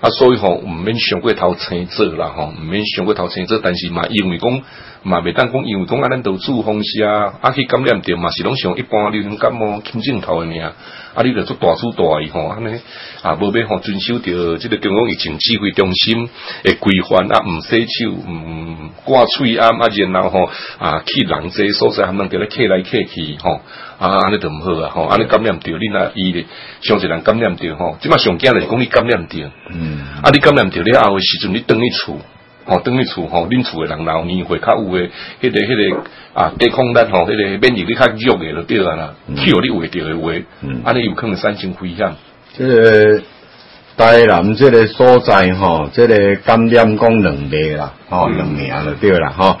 啊，所以吼毋免想過頭青椒啦，吼毋免想過頭青椒，但是嘛因為講嘛未當講因為講啊，咱度做方式啊，啊去感染着嘛，是攏上一般流行感冒輕症頭嘅命啊，你哦、啊你著做大主大意吼，安尼啊無要吼遵守着即個中央疫情指揮中心嘅規範啊毋洗手，毋掛喙啊，啊然後吼，啊去人濟所在，不能叫你客來客去，吼、哦。啊，安尼著毋好啊，吼！安尼感染著，你若伊咧上濟人感染著吼！即馬上驚就是講你感染著嗯。啊，你感染著，你後會時陣你轉去厝，吼、喔，轉去厝，吼、喔，恁厝的人若年會較有誒，迄、那個迄、那個啊抵抗力吼，迄、那個免疫力較弱誒，就對啦啦。去互你話著誒話，嗯。安尼有、嗯、有可能產生危險。即、這個台南即個所在吼，即、喔這個感染功能力啦，吼、喔，兩個啊，就對啦，吼、喔。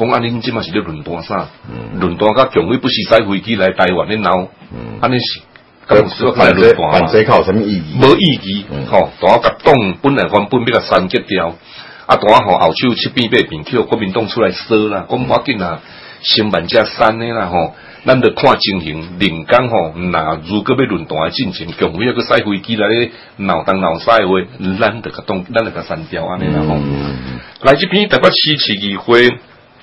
講安尼，你即嘛是咧輪盤噻？輪盤甲常委不是塞飛機來台灣咧鬧？安尼是，咁是開輪盤啊？冇意義，無意義，吼！大家甲黨本來講本要甲刪掉，啊，大家學後手七變八變去，互國民黨出來燒啦！講唔要緊啦，新辦只刪誒啦，吼！咱著看情形，另講吼，那如果要輪盤誒進程，常委又去塞飛機來咧鬧東鬧西誒話，咱著甲黨，咱著甲刪掉安尼啦，吼！來即邊特別稀奇一回。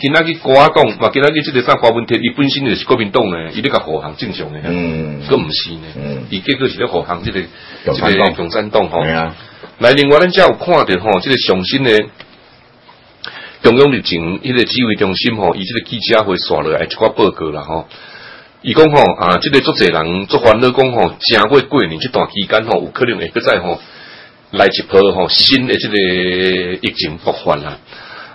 今日佢掛一檔，今日即個三掛門鐵，本身就是國民黨咧，伊啲個護航正常的嗯，佫毋是嗯，伊結果是啲護航即個，即、嗯、個共產黨，係啊、嗯。來、嗯、另外，咱之有看到吼，即、這個上新嘅中央疫情，迄、那個指揮中心吼，伊呢個記者會刷落一個報告啦，吼。伊講吼，啊，即、這個足濟人足煩，佢講吼，正月過年呢段期間吼，這個、有可能會再吼，來一波吼新的即個疫情爆發啦。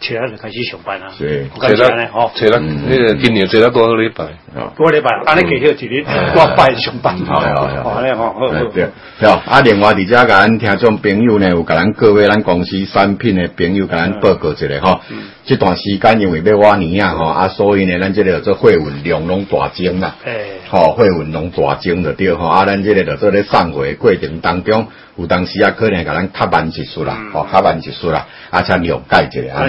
借得就開始上班啦，對，好，哦，借得呢好年借得多咗禮拜，多禮拜，啱啱幾條字啲，我拜上班。係啊係啊，好啊好。啊，另外啲之咱聽眾朋友呢，有跟咱各位咱公司產品的朋友跟咱報告一下吼，嗯。即段時間因為要往年啊吼，啊所以呢，咱即度做貨運量攏大增啦。誒。好，貨運攏大增就對。吼，啊，咱即度做啲送貨過程當中，有當時啊，可能跟咱較慢一出啦，較慢一出啦，啊，請了解一下。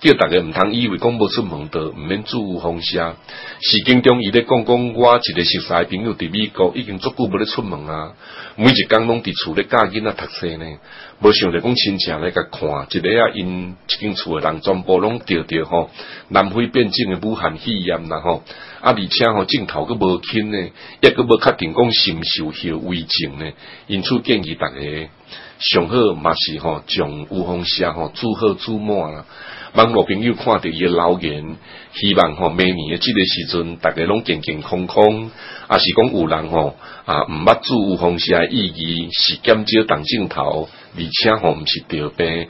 叫逐個毋通以為講冇出門，著毋免做風險。是經中，伊咧講講，我一個熟識誒朋友佇美國已經足久冇咧出門啊。每一工攏佇厝咧教囡仔讀冊呢，無想着講親情咧甲看，一個啊因一間厝誒人全部攏着着吼。南非邊境誒武漢肺炎啦吼，啊而且吼、啊、鏡頭佫無輕呢，抑佫冇確定講是毋是有後遺症呢。因此建議逐個上好嘛是吼，將有風險吼做好自滿啦。網絡朋友看到伊留言，希望吼、喔、每年嘅呢個時陣大家攏健健康康，喔、啊，是講有人吼啊毋捌做護護士啊，意義是減少同鏡頭，而且吼毋是著病，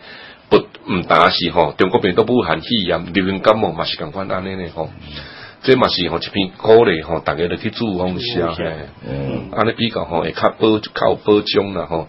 不毋但，不但是吼、喔、中國病毒武漢肺炎、流行感冒，嘛是共款安尼咧嗬，即嘛、嗯、是吼、喔、一片鼓勵吼大家嚟去做護護士嗯，安尼、嗯、比較吼、喔、會較保較有保障啦吼、喔。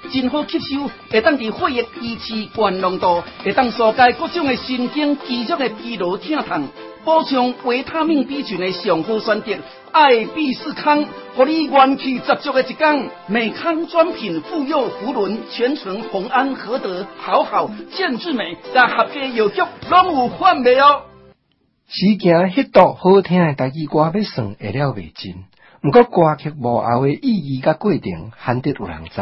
真好吸收，會當治血液低脂、冠狀動脈，會當紓解各種嘅神經肌肉嘅疲勞疼痛，補充維他命 B 群嘅上好選擇。愛必士康，互你元氣十足嘅一工。美康專品、婦幼、婦倫、全程、紅安、和德、好好健之美，但合家藥局攏有販賣哦。時件迄段好聽嘅代志、歌，我欲算會了未盡，毋過歌曲無後嘅意義甲過程，罕得有人知。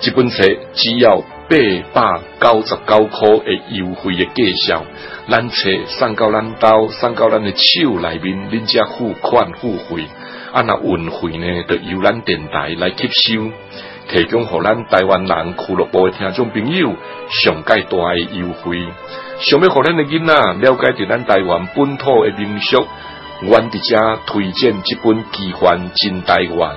這本冊只要八百九十九塊的優惠的價上，咱冊送到咱兜送到咱的手內面，恁只付款付費，啊那運費呢，就由咱電台來吸收，提供給咱台灣人、俱樂部的聽眾朋友的上介大嘅優惠，想要給恁嘅囡仔了解住咱台灣本土嘅民俗，阮佇遮推薦這本，本《奇幻真台灣》。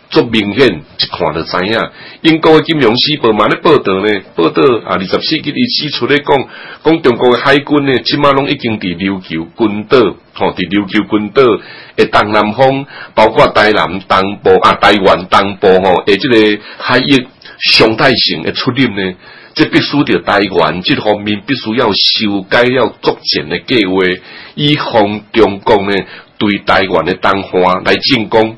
足明顯一看就知影，英國嘅金融時報嘛咧報道咧，報道啊，二十四日伊指出咧講，講中國嘅海軍咧，即嘛攏已經佇琉球群島，吼、哦，佇琉球群島誒東南方，包括台南、東部啊、台灣東部吼、哦，誒，即個海域常態性誒出入咧，即必須着台灣即方面必須要修改了作戰嘅計劃，以防中共咧對台灣嘅東岸來進攻。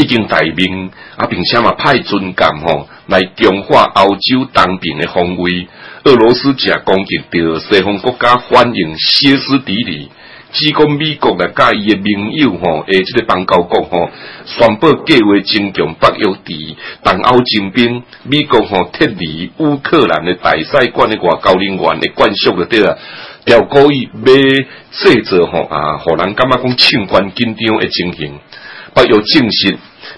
已經帶兵，啊，並且嘛派軍艦吼來強化歐洲東邊的防衛。俄羅斯只攻擊到西方國家，歡迎歇斯底里。只講美國來甲伊嘅盟友吼，而這個邦交國吼，宣布計劃增強北約，佇東歐增兵。美國吼脱離烏克蘭嘅大使館嘅外交人員嘅管轄了，對啦，調高意買製造吼啊，互人感覺講清官緊張嘅情形。北約正式。